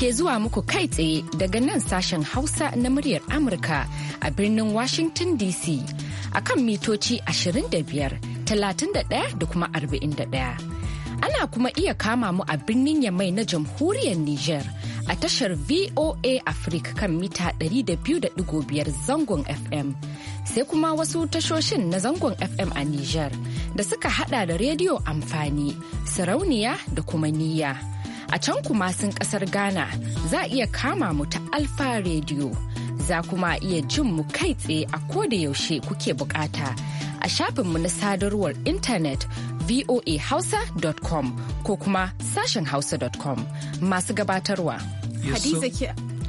ke zuwa muku kai tsaye daga nan sashen Hausa na muryar Amurka a birnin Washington DC a kan mitoci 25, 31 da kuma 41. Ana kuma iya kama mu a birnin Yamai na jamhuriyar Nijar a tashar VOA Africa kan mita 200.5 zangon FM. Sai kuma wasu tashoshin na zangon FM a Nijar da suka hada da rediyo amfani, sarauniya da kuma niyya. A can kuma sun kasar Ghana za a iya kama mu ta Alfa Radio. Za kuma iya jin mu kai tsaye a koda yaushe kuke bukata a shafinmu na sadarwar intanet voahausa.com ko kuma sashen hausa.com masu gabatarwa. Hadiza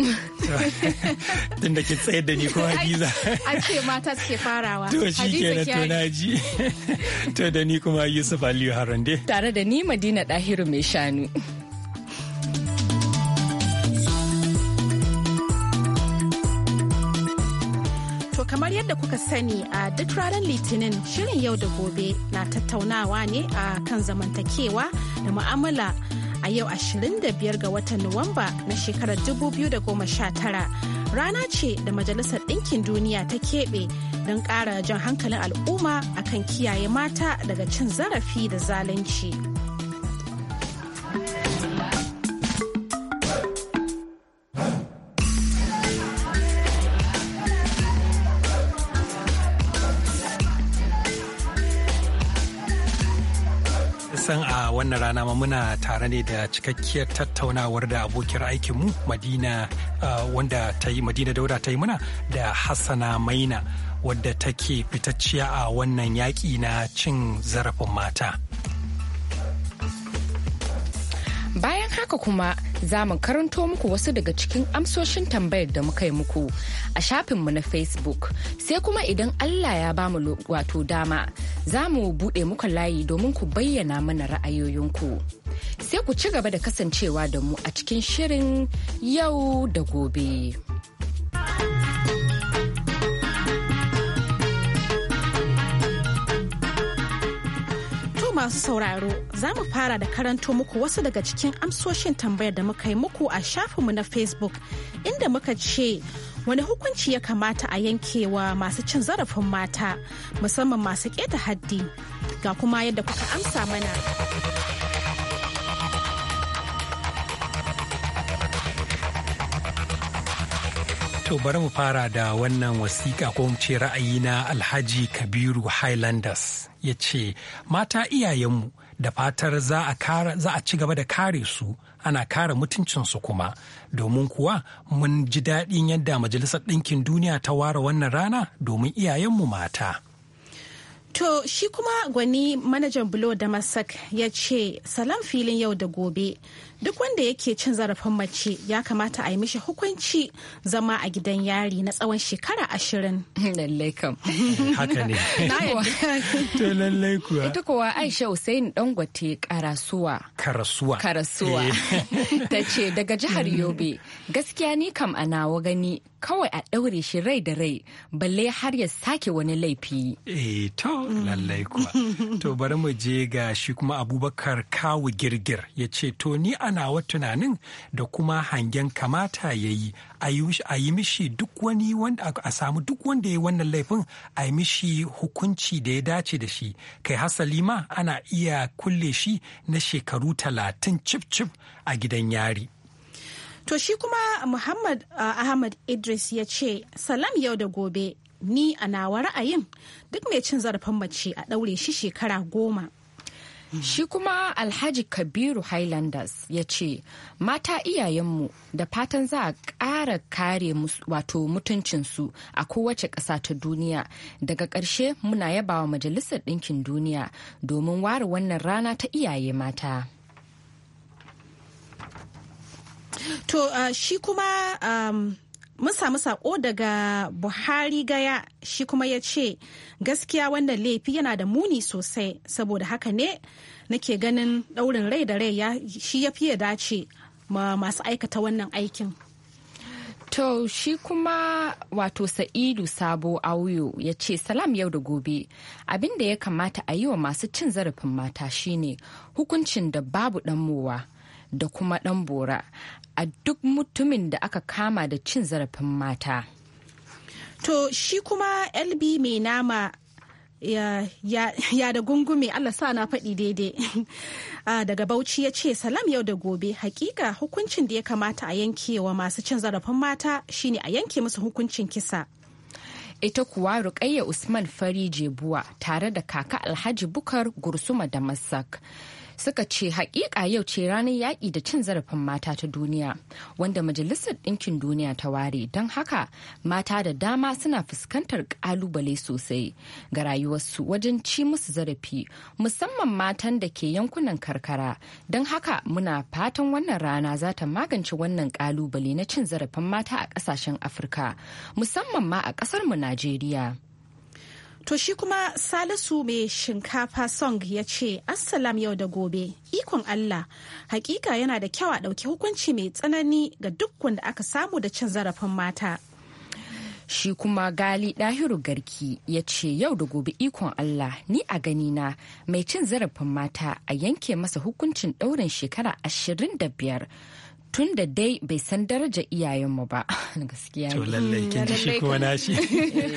tun da ke tsayar da ni ko hadiza an ce mata suke farawa to shi kenan to naji to da ni kuma yusuf aliyu harande tare da ni madina dahiru mai shanu kamar yadda kuka sani a duk ranar litinin shirin yau da gobe na tattaunawa ne a kan zamantakewa da mu'amala a yau 25 ga watan nuwamba na shekarar 2019 rana ce da majalisar ɗinkin duniya ta keɓe don ƙara jan hankalin al'umma akan kiyaye mata daga cin zarafi da zalunci. wannan rana ma muna tare ne da cikakkiyar tattaunawar da abokiyar aikinmu Madina uh, wanda ta yi Madina Dauda ta yi muna da Hassana Maina wadda take fitacciya a wannan yaƙi na cin zarafin mata. Bayan haka kuma za mu karanto muku wasu daga cikin amsoshin tambayar da muka yi muku a shafinmu na facebook sai kuma idan allah ya ba mu wato dama za mu buɗe muku layi domin ku bayyana mana ra'ayoyinku sai ku ci gaba da kasancewa da mu a cikin shirin yau da gobe. masu sauraro za mu fara da karanto muku wasu daga cikin amsoshin tambayar da muka yi muku a shafinmu na facebook inda muka ce wani hukunci ya kamata a yankewa masu cin zarafin mata musamman masu keta haddi ga kuma yadda kuka amsa mana. To bari mu fara da wannan wasiƙa ko mu ce ra'ayi na Alhaji Kabiru Highlanders ya ce, Mata iyayenmu da fatar za a ci gaba da kare su ana kare mutuncinsu kuma domin kuwa mun ji daɗin yadda majalisar ɗinkin duniya ta ware wannan rana domin iyayenmu mata. To shi kuma gwani manajan bulo da masak ya ce salam filin yau da gobe duk wanda yake cin zarafin mace ya kamata a yi mishi hukunci zama a gidan yari na tsawon shekara ashirin. Lallai kam. Eh, haka ne. Na To lallai kuwa. Ita kuwa Aisha Hussein Dangote Karasuwa. Karasuwa. Karasuwa. Eh. Ta ce daga jihar mm. Yobe gaskiya ni kam a nawa gani kawai a ɗaure shi rai da rai balle har ya sake wani laifi. Eh to mm. lallai To bari mu je ga shi kuma Abubakar Kawu Girgir ya ce to ni a a nawa tunanin da kuma hangen kamata ya yi a yi mishi duk wani wanda a samu duk wanda ya yi wannan laifin a yi mishi hukunci da ya dace da shi kai hasali ma ana iya kulle shi na shekaru talatin cif cif a gidan yari. To shi kuma Muhammad uh, Ahmad Idris ya ce, Salam yau da gobe, ni a nawa ra'ayin duk mai cin zarafin mace a ɗaure shi shekara goma. Shi kuma Alhaji Kabiru Highlanders ya ce, Mata iyayenmu da fatan za a ƙara kare wato mutuncinsu a kowace ƙasa ta duniya. Daga ƙarshe muna yabawa Majalisar Ɗinkin Duniya domin ware wannan rana ta iyaye mata. To uh, shi kuma um, mun samu sako daga buhari gaya shi kuma ya ce gaskiya wannan laifi yana da muni sosai saboda haka ne nake ganin daurin rai da rai shi ya fiye dace masu aikata wannan aikin To shi kuma wato Sa'idu Sabo Auyo ya ce salam yau da gobe abin da ya kamata a yi wa masu cin zarafin mata shine hukuncin da babu ɗanmowa. da kuma ɗan bora a duk mutumin da aka kama da cin zarafin mata. To shi kuma LB mai nama ya, ya, ya da gungume Allah sa na faɗi daidai ah, daga Bauchi ya ce salam yau da gobe hakika hukuncin da ya kamata a yankewa masu cin zarafin mata shine a yanke musu hukuncin kisa. ita kuwa Rukayya Usman Fari Jebuwa tare da kaka Alhaji Bukar Gursuma da Masak. suka ce haƙiƙa yau ce ranar yaƙi da cin zarafin mata ta duniya wanda majalisar ɗinkin duniya ta ware don haka mata da dama suna fuskantar ƙalubale sosai ga rayuwarsu wajen ci musu zarafi musamman matan da ke yankunan karkara don haka muna fatan wannan rana za ta magance wannan ƙalubale na cin zarafin mata a ƙasashen afirka musamman ma a ƙasarmu najeriya. To shi kuma Salisu mai shinkafa song ya ce, Assalam yau da gobe, ikon Allah, hakika yana da kyau a ɗauki hukunci mai tsanani ga duk wanda aka samu da cin zarafin mata. Shi kuma Gali Ɗahiru Garki ya ce yau da gobe ikon Allah ni a gani na mai cin zarafin mata a yanke masa hukuncin ɗaurin shekara ashirin da biyar. tun da dai bai san daraja iyayenmu ba gaskiya to lallai kin shi nashi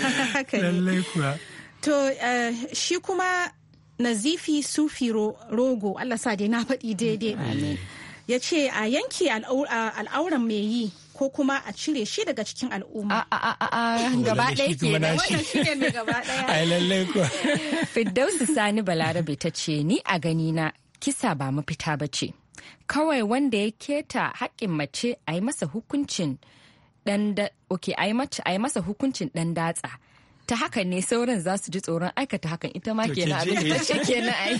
lallai kuwa to eh, shi kuma nazifi sufi rogo allah sa dai na faɗi daidai mm, mm. ya ce a yanki al'auran mai yi ko kuma a cire shi daga cikin al'umma. A a a a gaba ɗaya ke da wannan shi ne gaba ɗaya. Ai lalle ko. Sani Balarabe ta ce ni a gani na kisa ba mafita ba ce. Kawai wanda ya keta haƙƙin mace a yi masa hukuncin ɗan datsa ta haka ne sauran za su ji tsoron aikata hakan ita ma kenan abin da kenan ai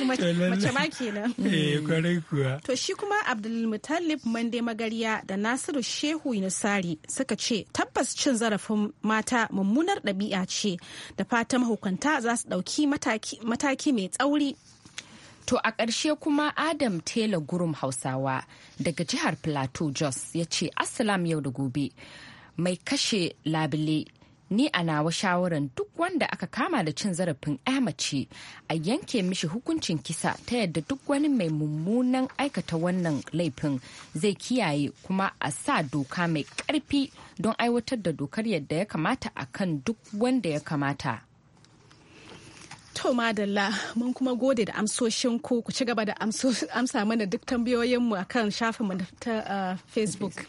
mace ma kenan eh to shi kuma Abdulmutallib Mande Magariya da Nasiru Shehu Yunusari suka ce tabbas cin zarafin mata mummunar ɗabi'a ce da fata mahukunta za su ɗauki mataki mai tsauri To a ƙarshe kuma Adam taylor Gurum Hausawa daga jihar Plateau Jos ya ce Assalam yau da gobe mai kashe labule ni a nawa shawaran duk wanda aka kama da cin zarafin mace a yanke mishi hukuncin kisa ta yadda duk wani mai mummunan aikata wannan laifin zai kiyaye kuma a sa doka mai karfi don aiwatar da dokar yadda ya kamata a kan duk wanda ya kamata To madalla mun kuma gode da amsoshin ku ku ci gaba da amsa mana duk tambayoyinmu akan shafinmu ta uh, Facebook.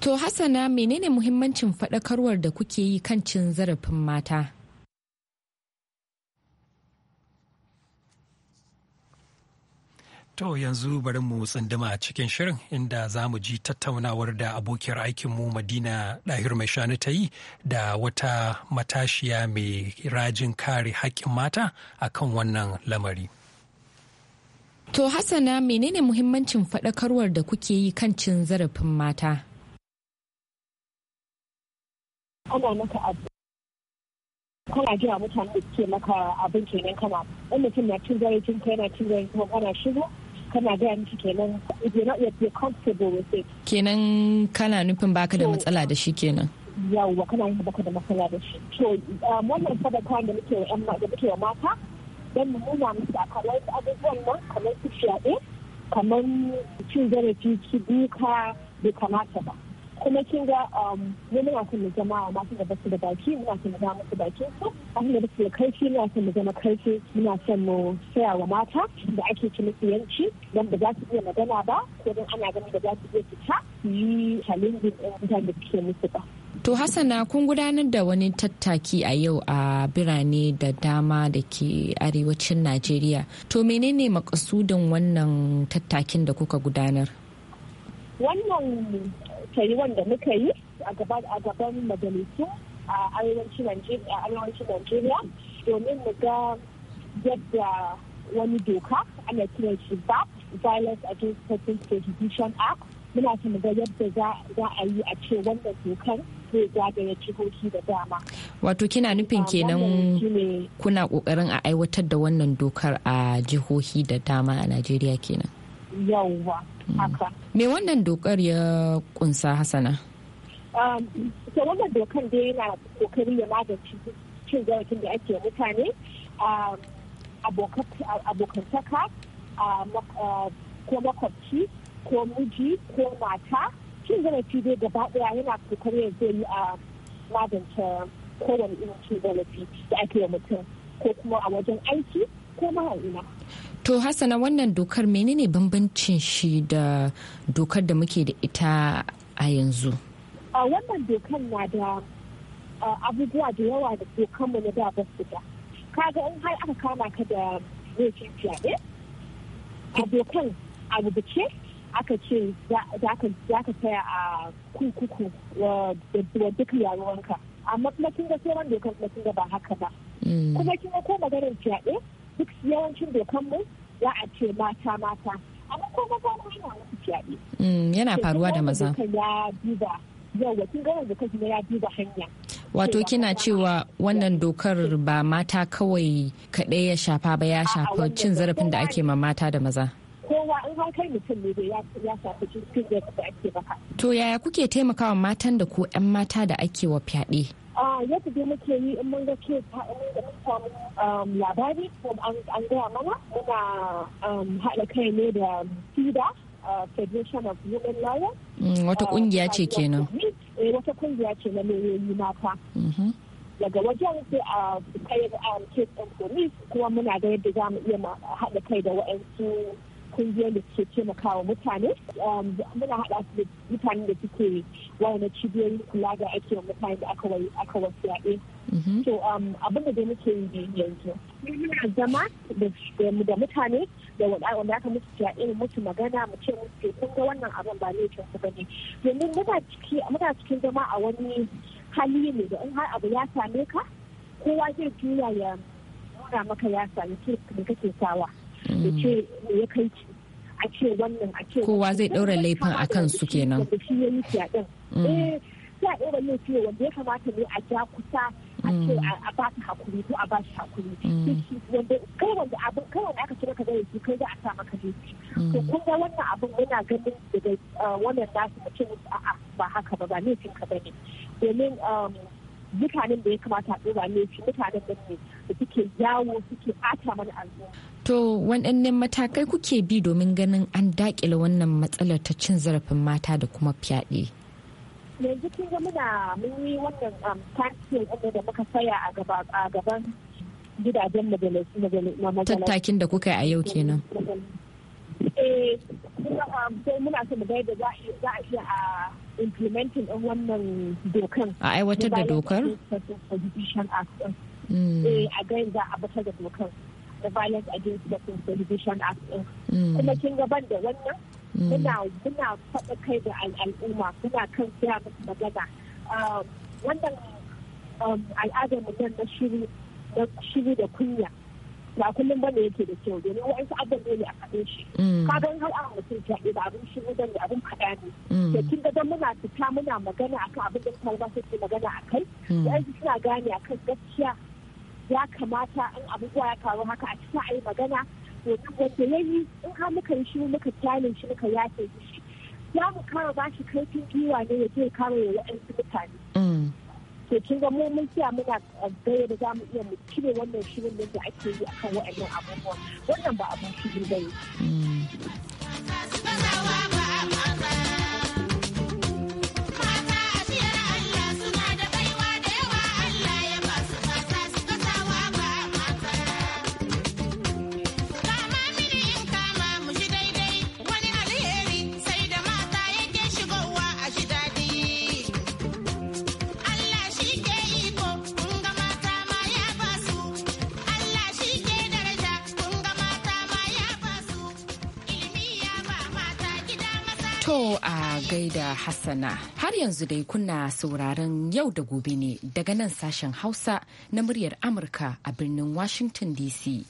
To Hassana menene muhimmancin faɗakarwar da kuke yi kan cin zarafin mata? To yanzu bari mu tsindima cikin shirin inda za mu ji tattaunawar da abokiyar aikinmu Madina Ɗahir Mai shanu ta yi da wata matashiya mai rajin kare haƙƙin mata a kan wannan lamari. To Hassana menene muhimmancin faɗakarwar da kuke yi kan cin zarafin mata? ana maka abu kana jira mutane da suke maka abin kenan kana in mutum na cin zarafin kai na cin zarafin kuma kana shigo kana gaya miki kenan if you're not yet comfortable with it kenan kana nufin baka da matsala da shi kenan yawwa kana yin baka da matsala da shi to um, wannan sadaka da muke wa da muke wa mata dan mu nuna musu wasu abubuwan nan kamar su fiyaɗe kamar cin zarafi su duka bai kamata ba kuma kin ga wani wasan da jama'a masu da basu da baki muna son da zama musu bakin su abin da basu da karfi muna son mu zama karfi muna son mu saya wa mata da ake ci musu yanci don ba za su iya magana ba ko don ana ganin da za su iya fita yi challenge ɗin mutane da suke musu ba. To Hassana kun gudanar da wani tattaki a yau a birane da dama da ke arewacin Najeriya. To menene makasudin wannan tattakin da kuka gudanar? Wannan yi wanda muka yi a gaban majalisu a arewacin Najeriya domin mu ga yadda wani doka ana kira shi ba violence against persons prohibition act muna mu ga yadda za a yi a ce wanda dokar zai zagaya jihohi da dama wato kina nufin kenan kuna kokarin a aiwatar da wannan dokar a jihohi da dama a najeriya kenan yauwa haka me wannan dokar ya kunsa Hassana? Um, ta wannan dokar da yana kokari ya magance cin zarafin da ake mutane um, abokantaka um, uh, ko makwabci ko miji ko mata cin zarafi dai gaba daya yana kokari ya zai a uh, magance kowane irin cin zarafi da ake mutum ko kuma a wajen aiki ko maha'ina. To Hassana wannan dokar menene bambancin shi da dokar da muke da ita a yanzu? A wannan dokar na da abubuwa da yawa da dokar mu na da ba su da. Kaga in har aka kama ka da laifin fyaɗe, a dokar a rubuce aka ce za ka saya a kurkuku da duk yaruwanka. Amma kuma kin ga sauran dokar kuma kin ga ba haka ba. Mm. Kuma kin ga ko maganar fyaɗe duk yawancin dokan mu za a ce mata mata amma ko maza ma yana wasu fiyaɗe. Mm, yana faruwa da maza. ya duba yawa kin ga wanda kuma ya duba hanya. wato kina cewa wannan dokar ba mata kawai kaɗai ya shafa ba ya shafa cin zarafin da ake ma mata da maza. kowa in har kai mutum ne ya shafi cikin da ake baka. To yaya kuke taimakawa matan da ko 'yan mata da ake wa fyaɗe? yadda dai muke yi in mun ga ke samu um, labari an gaya mana muna um, haɗa kai ne da fida federation of women lawyers mm, wata kungiya ce kenan eh, wata kungiya ce na lauyoyi mata mm-hmm. daga wajen sai a kai um, a kai police kuma muna ga yadda za mu iya haɗa kai da wa'ansu kungiyar da suke taimakawa mutane um, muna haɗa su da mutane da suke wani cibiyoyin kula da ake wa mutane da aka wasu yaɗe mhm. so um, abin da dai muke yi yanzu muna zama da mutane da wanda aka musu fyaɗe musu magana mu ce musu kun ga wannan abin ba laifin ba ne domin muna cikin zama a wani hali ne da in har abu ya same ka kowa zai juya ya nuna maka ya same ka kake sawa Mm. ya kai a ce kowa zai ɗaura laifin a kansu kenan da shi ya yi mm. eh a ja kusa mm. hakuri ko a ba shi aka ce maka kai za a sa maka laifi to kun ga wannan abin laifin domin um, mutanen da ya kamata a ɗora laifi mutanen da ne da suke yawo suke ɓata mana al'umma To waɗanne matakai kuke bi domin ganin an daƙile wannan matsalar ta cin zarafin mata da kuma fyaɗe? Yanzu kin ga muna mun yi wannan um, takin da muka saya a gaban gidajen majalisun Tattakin da kuka yi a yau kenan. Eh, um, muna so mu ga yadda za a iya a implementing ɗin wannan dokan. A aiwatar da dokar? Mm. Eh, a ga za a batar da dokar. the violence against the prohibition act mm. kuma kin gaban da wannan mm. muna muna faɗa kai da al'umma muna kan siya musu magana ah, wannan um, al'adar mutum na shiru na shiri da kunya ba kullum bane yake da kyau domin wa'ansu abin ne a kaɗin shi mm. ka ga har a mutum jaɗe abun abin shiru don da abin faɗa ne da kin ga muna fita muna magana akan abin da kuma ba su magana akai wa'ansu suna gane akan gaskiya ya kamata in abubuwa ya faru haka a cikin ayi yi magana domin wanda ya yi in har muka yi shi muka kyale shi muka yace shi za mu kara ba shi kaifin gwiwa ne ya je kare ya waɗansu mutane. Mm. To kin ga mu mun tsaya muna gaya da za mu iya mu cire wannan shirin da ake yi akan waɗannan abubuwa wannan ba shi ne ba ne. Mm. Hassana. Har yanzu dai kuna sauraron yau da gobe ne daga nan sashen Hausa na muryar Amurka a birnin Washington DC.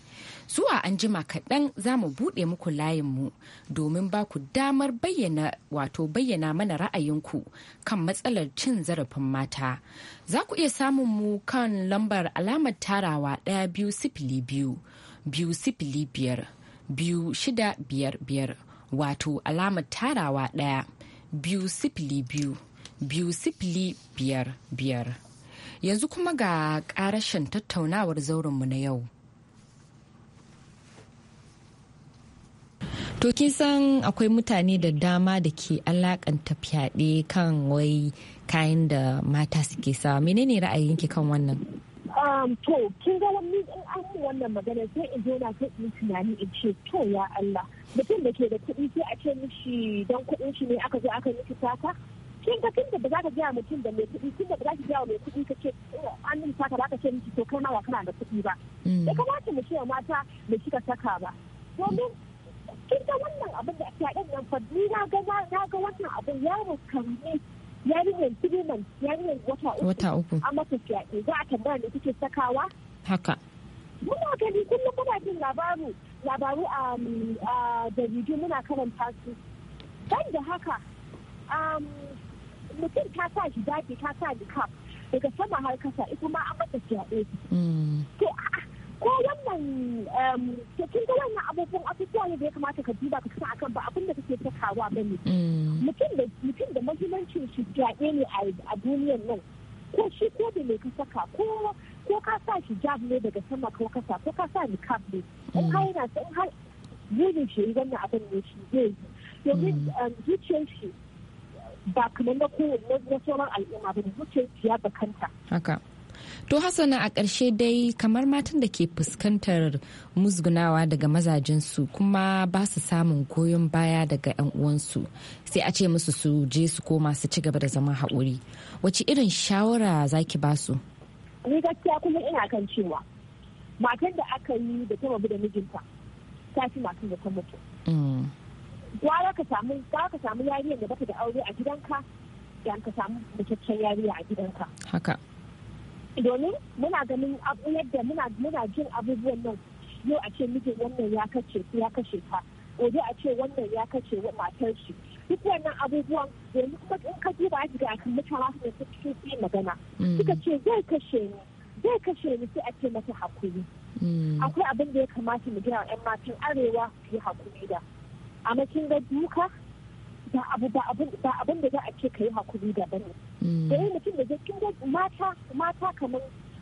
Zuwa an jima kaɗan za mu buɗe muku layinmu domin ba ku damar bayyana wato bayyana mana ra'ayinku kan matsalar cin zarafin mata. Za ku iya samun mu kan lambar alamar tarawa ɗaya biyu sifili biyu biyu sifili biyar biyu shida biyar biyar wato alamar tarawa ɗaya. biyu sifili biyu biyu sifili biyar biyar yanzu kuma ga karashin tattaunawar zaurinmu na yau To kin san akwai mutane da dama da ke alakanta fyaɗe kan wai kayan da mata suke sawa menene ra'ayinki kan wannan? Um, to kin ga wani in an yi wannan magana sai in zo na sai in tunani in ce to ya Allah mutum da ke da kuɗi sai a ce mishi don kuɗin shi ne aka zo aka yi sata kin ga da ba za ka gaya mutum da mai kuɗi da ba za ka gaya mai kuɗi ka ce oh, an yi sata ba ka ce mishi to kai ma kana da kuɗi ba ya hmm. kamata mu ce wa mata da kika saka ba domin kin ga wannan abin da ake nan fa ni na na ga wannan abin ya rukamme yarinyar three months yarinyar wata uku wata uku a mata fyaɗe za a tambaya da sakawa haka muna gani kullum muna jin labaru labaru um, a jaridu muna karanta su ban da haka um, mutum ta sa shi zaki ta sa niqab daga sama har kasa ita ma mata fyaɗe mm. to ko wannan cikin da wannan abubuwan abubuwa ne da ya kamata ka duba ka san akan ba abin da kake sakawa ba ne mm. mutum da da mahimmancin shi jaɗe ne a duniyar nan ko shi ko da me ka saka ko ka sa hijab ne daga sama ko kasa ko ka sa niqab ne in mm. har yana in har zai shi wannan abin ne shi zai yi domin mm. zuciyar shi ba kamar na kowane na sauran al'umma ba ne zuciyar ya bakanta haka To Hassana a ƙarshe dai kamar matan da ke fuskantar musgunawa daga mazajensu kuma ba su samun goyon baya daga 'yan uwansu sai a ce musu su je su koma su ci gaba da zama haƙuri. Wace irin shawara za ki ba su? Ni gaskiya kuma ina kan cewa matan da aka yi da ta rabu da mijinta ta fi matan da ta mutu. Mm. Gwara ka samu ka samu yariyar da baka da aure a gidanka yan ka samu mutaccen yariya a gidanka. Haka. domin muna ganin yadda muna jin abubuwan nan yau a ce mijin wannan ya kace ya kashe ka gobe a ce wannan ya kace wa matar shi duk wannan abubuwan domin kuma in ka duba a ga akan mutawa su su cikin su magana mm. suka ce zai kashe ni zai kashe ni sai a ce mata hakuri mm. akwai abin da ya kamata mu gina yan matan arewa su yi hakuri da a makin ga duka ba abu ba abin da za a ce ka yi hakuri da bane mm. da yi mutum da zai kin mata mata kamar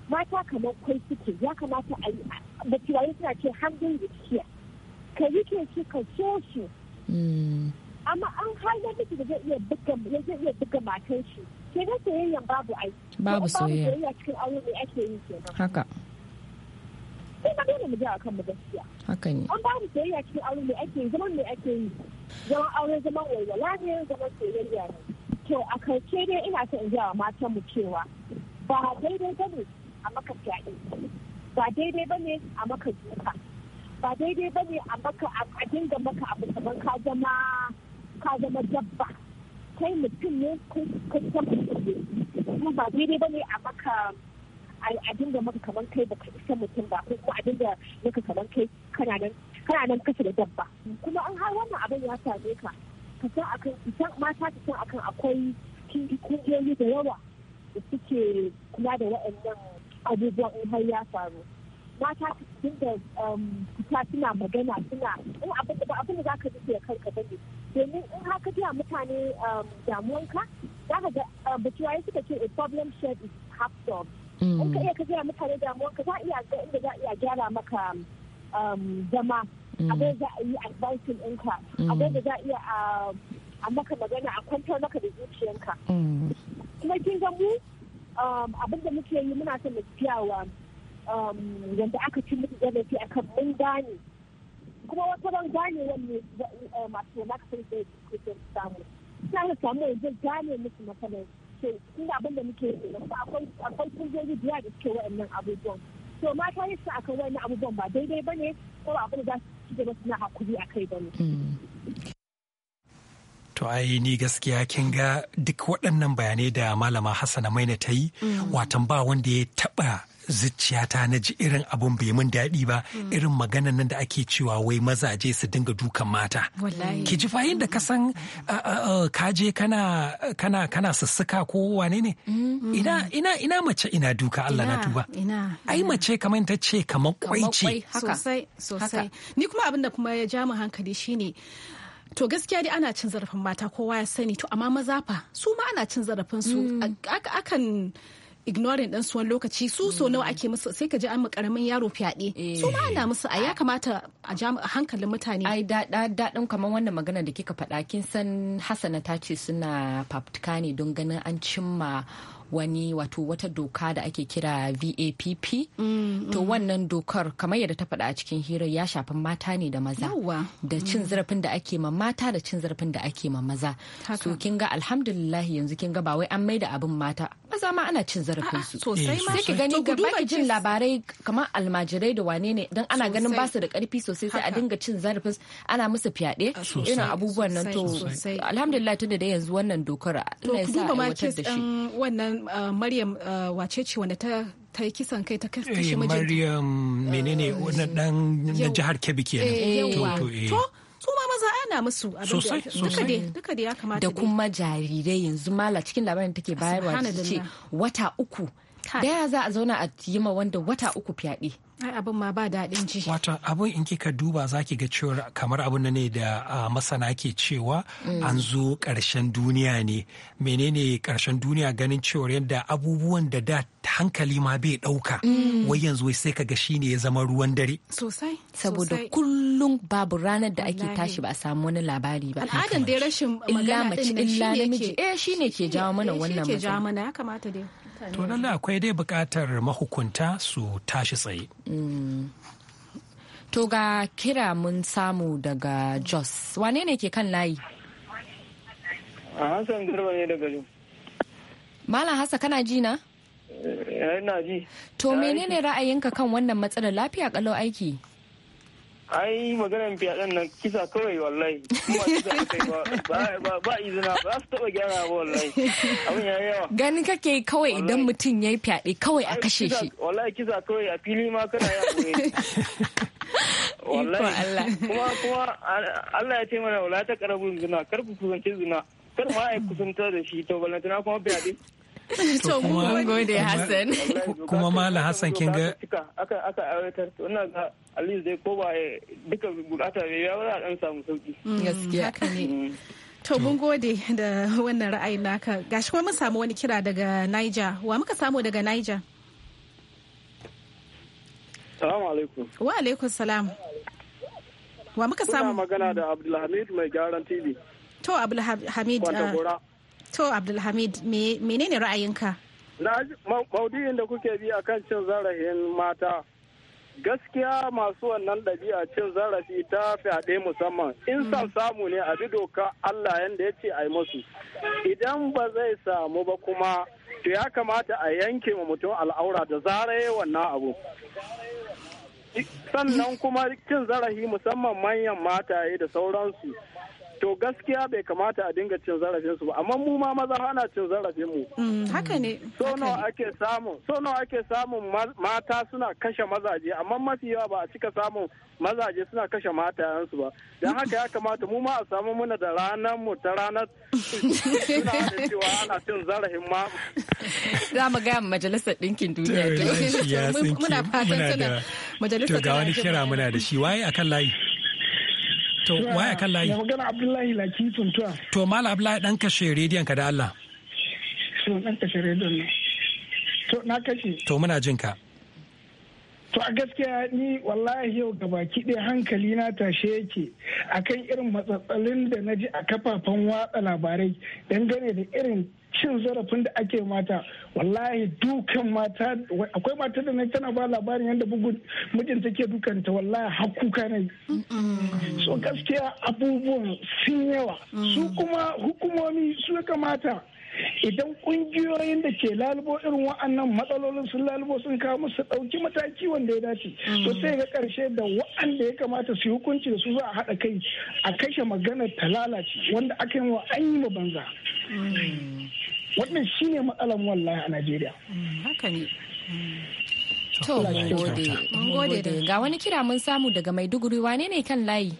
mata kamar kwai suke ya kamata a yi da tiwaye suna ce hangin gaskiya ka yi ke shi ka so shi mm. amma an har da miki zai iya buga zai iya buga matan shi ke babu ai babu soyayya cikin aure ne ake yi kenan haka sai dole mu a gaskiya haka ne an babu soyayya cikin aure ne ake yi zaman ne ake yi zaman aure zaman walwala ne zaman soyayya ne to a karshe dai ina son in jawa matan mu cewa ba daidai ba ne a maka fyaɗe ba daidai ba ne a maka duka ba daidai ba ne a maka a dinga maka abu ka zama ka zama dabba kai mutum ne ba daidai ba ne a maka abin da maka kamar kai baka isa mutum ba ko kuma a dinga maka kamar kai kana nan kana nan kasa da dabba kuma an har wannan abin ya same ka ka san akan san mata ka san akan akwai kungiyoyi da yawa da suke kula da waɗannan abubuwan in har ya faru mata san da um, fita suna magana suna in abin da abin da za ka ji kanka bane domin in haka jiya mutane um, damuwanka za ka ga ya um, suka ce a problem shared is half solved Mm. in ka iya ka gaya mutane damuwa ka za iya ga inda za iya gyara maka um, zama mm. abin za a yi advancing ɗinka mm. abin da za a iya um, a maka magana a kwantar maka da zuciyanka kuma kin ga mu um, abin da muke yi muna son gaskiyawa yadda aka ci da lafi a kan mun gane kuma wata ran ganewar ne masu yana kasar da ya samu ina ka samu yanzu gane musu matsalar ce tun abin da muke yi akwai akwai kungiyoyi da da suke wa'annan abubuwan to mata yi su akan wa'annan abubuwan ba daidai ba ne ko abin da za su ci gaba suna hakuri a kai ba ne. To ai ni gaskiya kin ga duk waɗannan bayanai da malama Hassana Maina ta yi mm. watan ba wanda ya taɓa zuciyata na ji irin abun bai mun daɗi ba irin maganan nan da ake cewa wai mazaje su dinga dukan mata ki ji fayin da kasan kaje kana kana kana sussuka ko wane ne mm-hmm. ina ina ina mace ina duka Allah na tuba ai mace kamar ta ce kamar kwai ce sosai sosai ni kuma abin da kuma ya ja mu hankali shine to gaskiya dai ana cin zarafin mata kowa ya sani to amma maza fa su ma ana cin zarafin su mm. akan ignoring dan suwan lokaci su so nawa ake musu sai ka ji an karamin yaro fyaɗe eh. su ma ana musu a ya kamata a hankalin mutane ai daɗin kamar wannan magana da kika faɗa kin san Hassana ta ce suna fafutuka ne don ganin an cimma wani wato wata doka da ake kira VAPP. Mm, to mm. wannan dokar kamar yadda ta faɗa a cikin hirar ya shafi mata ne da maza. Da cin mm. zarafin da ake ma mata da cin zarafin da ake ma maza. So kin ga alhamdulillah yanzu kin ga ba wai an maida abin mata maza ma ana cin zarafin su sosai ma sai ki gani ga baki jin labarai kamar almajirai da wane ne dan ana ganin ba su da karfi sosai sai a dinga cin zarafin ana musu fyaɗe irin abubuwan nan to alhamdulillah tunda da yanzu wannan dokar Allah sa a da shi wannan uh, Maryam uh, wace ce wanda ta ta yi kisan kai ta kashe eh, mijinta Maryam menene uh, wannan dan na jihar Kebbi kenan eh, eh, to to su ma maza ana musu abin da duka da ya kamata da kuma jarirai yanzu mala cikin labarin take bayarwa ce wata uku da za a zauna a yi ma wanda wata uku fyaɗe ai abin ma ba daɗin ji wato abin in kika duba za ki ga cewa kamar abin ne da masana ke cewa mm. an zo ƙarshen duniya ne menene ƙarshen duniya ganin cewar yadda abubuwan da da hankali ma bai ɗauka mm. wai yanzu sai ka ga shine ya zama ruwan dare sosai saboda kullum babu ranar da ake tashi ba a samu wani labari ba al'adan dai rashin magana din mace eh, shi ne ke jawo mana eh, wannan matsala to lallai akwai dai buƙatar mahukunta su tashi tsaye mm. to ga kira mun samu daga jos wane ne ke kan layi a hassan garba ne daga malam kana ji na eh, ina ji to menene ra'ayinka kan wannan matsalar lafiya kalau aiki ai maganar fiyaɗen nan kisa kawai wallahi ba izina ba su taɓa gyara ba wallahi abin ya yawa gani kake kawai idan mutum ya yi fyaɗe kawai a kashe shi wallahi kisa kawai a fili ma kana ya wallahi kuma kuma Allah ya ce mana wala ta karabu zina kar ku kusanci zina kar ma ai kusanta da shi to balantana kuma fiyaɗe to mun gode Hassan kuma mala Hassan kin ga aka aka aiwatar to ina ga Aliyu zai ko ba duka bukata ne ya wala dan samu sauki mm, gaskiya haka ne mm. to mun gode da wannan ra'ayi naka gashi kuma mun samu wani kira daga Niger wa muka samu daga Niger Salamu alaikum. Wa alaikum salam. Wa muka samu? Kuna magana da Abdulhamid mai gyaran TV. To Abdulhamid. Kwantagora. Uh, To Abdulhamid menene ra'ayinka? Na Maudu da kuke bi akan cin zarafin mata. Gaskiya masu wannan ɗabi'a cin zarafi ta fyaɗe musamman in mm. san samu ne a bi doka Allah yanda ya ce a yi musu. Idan ba zai samu ba kuma to ya kamata a yanke wa mutum al'aura da zaraye wannan abu. Sannan kuma cin zarafi musamman manyan mataye da sauransu. to gaskiya bai kamata a dinga cin zarafin su ba amma mu ma maza ana cin zarafin mu mm, haka ne so nawa ake samun so nawa ake samun mata suna kashe mazaje amma mafi yawa ba a cika samun mazaje suna kashe matayensu ba don haka ya kamata mu ma a samu muna da ranar mu ta ranar suna da cewa ana cin zarafin ma za mu gaya majalisar ɗinkin duniya muna fatan suna majalisar ga wani kira muna da shi waye akan layi To waya kan layi. Ya magana Abdullahi Laki tuntuwa. To Malam Abdullahi dan kashe rediyon ka da Allah. To dan kashe rediyon ne. To na kashe. To muna jin ka. To a gaskiya ni wallahi yau gabaki ɗaya hankali na tashe yake akan irin matsatsalin da na ji a kafafen watsa labarai dangane da irin cin zarafin da ake mata wallahi dukan mata akwai mata da na tana ba labarin yadda bugun mijinta ke dukanta wallahi hakuka ne so gaskiya abubuwan sun yawa su mm. kuma hukumomi su kamata idan kungiyoyin da ke lalubo irin wa'annan matsalolin sun lalubo sun kawo musu ɗauki mataki wanda ya dace to mm. sai ga karshe da wa'anda ya kamata su yi hukunci da su za a haɗa kai a kashe maganar ta lalace wanda aka yi wa an yi ma banza mm. wannan shine matsalan wallahi a Najeriya mm, haka ne to gode gode da ga wani kira mun samu daga Maiduguri wane ne kan layi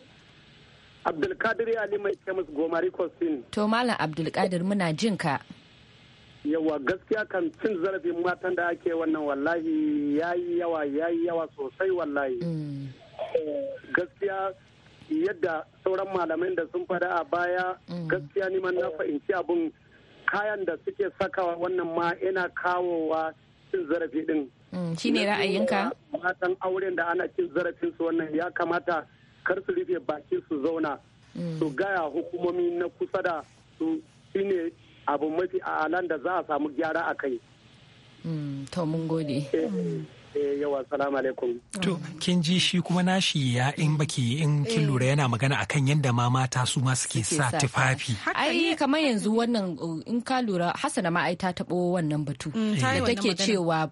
Abdulkadir Ali mai Kemis Gomari Kosin to malam Abdulkadir muna jin ka yawa gaskiya kan cin zarafin matan da ake wannan wallahi ya yi yawa ya yi yawa sosai wallahi mm. gaskiya yadda sauran malamai da sun fada a baya mm. gaskiya neman na fahimci abin. kayan da suke sakawa wannan ma yana kawowa cin zarafi din mm, shi ne ra'ayinka matan auren da ana cin zarafin su wannan ya kamata kar su rufe bakin su zauna mm. su gaya hukumomi na kusa da su shi ne abu mafi nan da za a samu gyara a kai mm, to mun gode eh. Eh, yawa salamu alaikum to kin ji shi kuma nashi ya in baki in kin eh. lura yana magana akan yadda ma mata su ma suke sa tufafi ai kamar yanzu wannan uh, in ka lura hasana ma ai ta taɓo wannan batu mm, da take cewa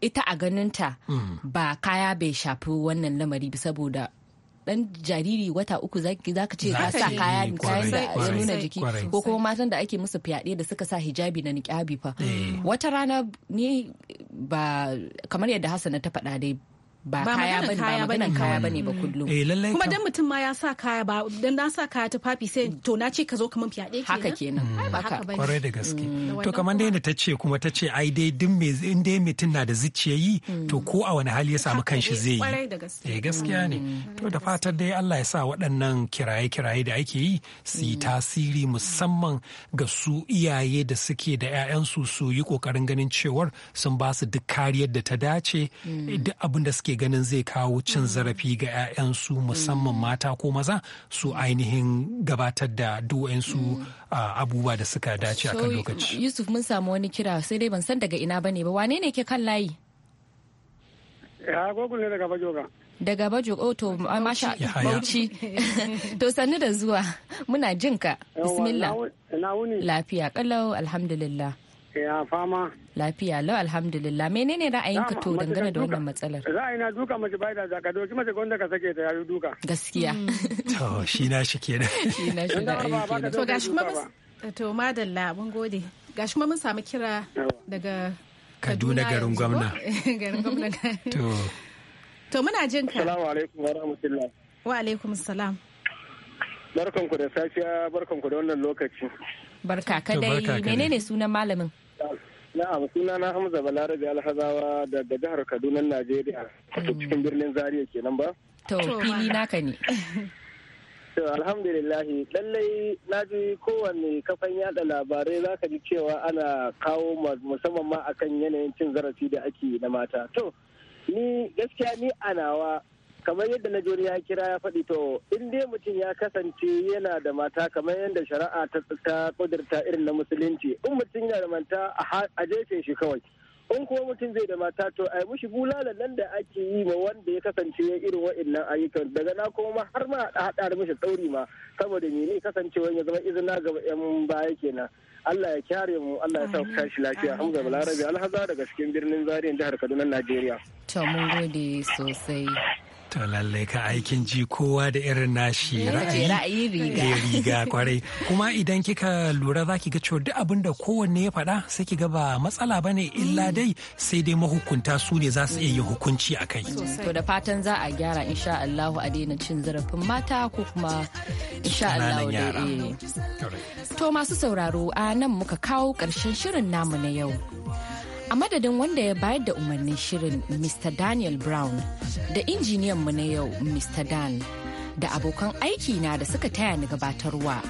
ita a ganinta mm. ba kaya bai shafi wannan lamari saboda dan jariri wata uku za ka ce ka sa kaya ya nuna jiki ko kuma matan da ake musu fyaɗe da suka sa hijabi na niƙabi fa eh. wata rana ni ba kamar yadda hassana ta faɗa dai ba kaya bane ba maganan kaya bane ba kullum eh, kuma dan mutum ma ya sa kaya ba dan na sa kaya tufafi sai to na ce ka zo kaman fiyaɗe haka kenan hmm. ba haka bane kwarai da gaske hmm. to kamar da ta ce kuma ta ce ai dai duk me in dai mutum na da zuciyayi hmm. to ko a wani hali ya samu kanshi zai yi eh gaskiya ne to da fatar dai Allah ya sa waɗannan kiraye-kiraye da ake yi su yi tasiri musamman ga su iyaye da suke da ƴaƴansu su yi kokarin ganin cewar sun ba su duk kariyar da ta dace duk abin da suke suke ganin zai kawo cin mm. zarafi ga 'ya'yansu musamman mm. mata ko maza su ainihin gabatar da duwayensu mm. abubuwa da suka dace a kan lokaci. Yusuf mun samu wani kira sai dai ban san daga ina bane ba wane ne ke kan layi? Ya gogun ne daga Bajoga. ga Bajoga oh, to masha Bauchi. To sannu da zuwa muna jinka. Bismillah. Lafiya kalau alhamdulillah. Ya fama. Lafiya lau alhamdulillah menene ra'ayinka to dangane da wannan matsalar? Ra'ayina duka mace bai da zaka doki mace gonda ka sake ta yayi duka. Gaskiya. Mm. To shi na shi kenan. Shi na shi na aiki. To gashi kuma mun to madalla mun gode. Gashi kuma mun samu kira daga Kaduna garin gwamna. Garin gwamna. To. To muna jin ka. Assalamu alaikum wa rahmatullah. Wa alaikum assalam. Barkanku da safiya, barkanku da wannan lokaci. Barka kadai, menene sunan malamin? Na'am suna na Hamza Balarabe Alhazawa daga jihar Kaduna Najeriya wato cikin birnin Zaria kenan ba? To fili naka ne. To alhamdulillah lallai na ji kowanne kafan yada labarai za ka ji cewa ana kawo musamman ma akan yanayin cin zarafi da ake na mata. To ni gaskiya ni a nawa kamar yadda na jori ya kira ya faɗi to in dai mutum ya kasance yana da mata kamar yadda shari'a ta ta kudurta irin na musulunci in mutum yana da mata a jefe shi kawai in kuma mutum zai da mata to a mushi bulalar nan da ake yi ma wanda ya kasance ya irin wa'annan ayyukan daga na kuma har ma a haɗa da mishi tsauri ma saboda mene kasancewa ya zama izina ga 'yan baya kenan Allah ya kyare mu Allah ya sa ku tashi lafiya Hamza Balarabe Alhaza daga cikin birnin Zariyan jihar Kaduna Najeriya. To mun gode sosai. To lallai ka aikin ji kowa da irin nashi eh, ra'ayi eh, eh, riga kwarai kuma idan kika lura za ki ga cewa duk abin da kowanne ya faɗa sai ki ga ba matsala ba ne illa mm. dai sai dai mahukunta su ne za su iya yin hukunci a kai. To da fatan za a gyara insha Allahu a daina cin zarafin mata ko kuma insha Allahu da To masu sauraro a nan muka kawo ƙarshen shirin namu na yau. a madadin wanda ya bayar da umarnin shirin mr daniel brown da injiniyan mu na yau mr dan da abokan aiki na da suka taya ni gabatarwa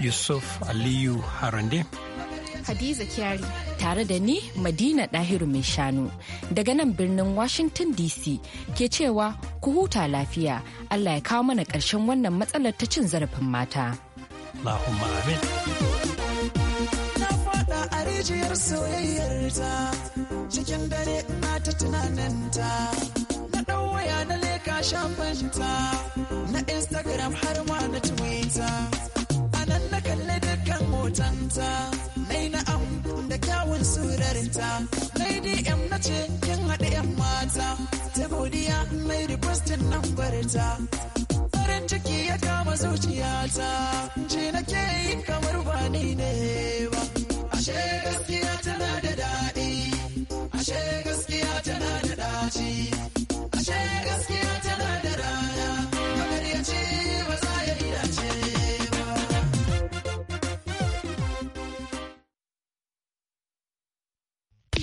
yusuf aliyu harande hadiza kyari tare da ni madina dahiru mai shanu daga nan birnin washington dc ke cewa ku huta lafiya allah ya kawo mana ƙarshen wannan matsalar ta cin zarafin mata Allahumma amin. da a rijiyar soyayyarta cikin dare ina ta tunaninta na ɗan waya na leka shafanta na instagram har ma na twitter a nan na kalli dukkan hotonta na yi na'am da kyawun surarinta na yi dm na ce kin haɗe yan mata ta godiya mai requestin nan barta farin ciki ya kama zuciyata ce na ke yi kamar ba ni ne ba ashe gaskiya tana da daɗi ashe gaskiya tana da ɗaci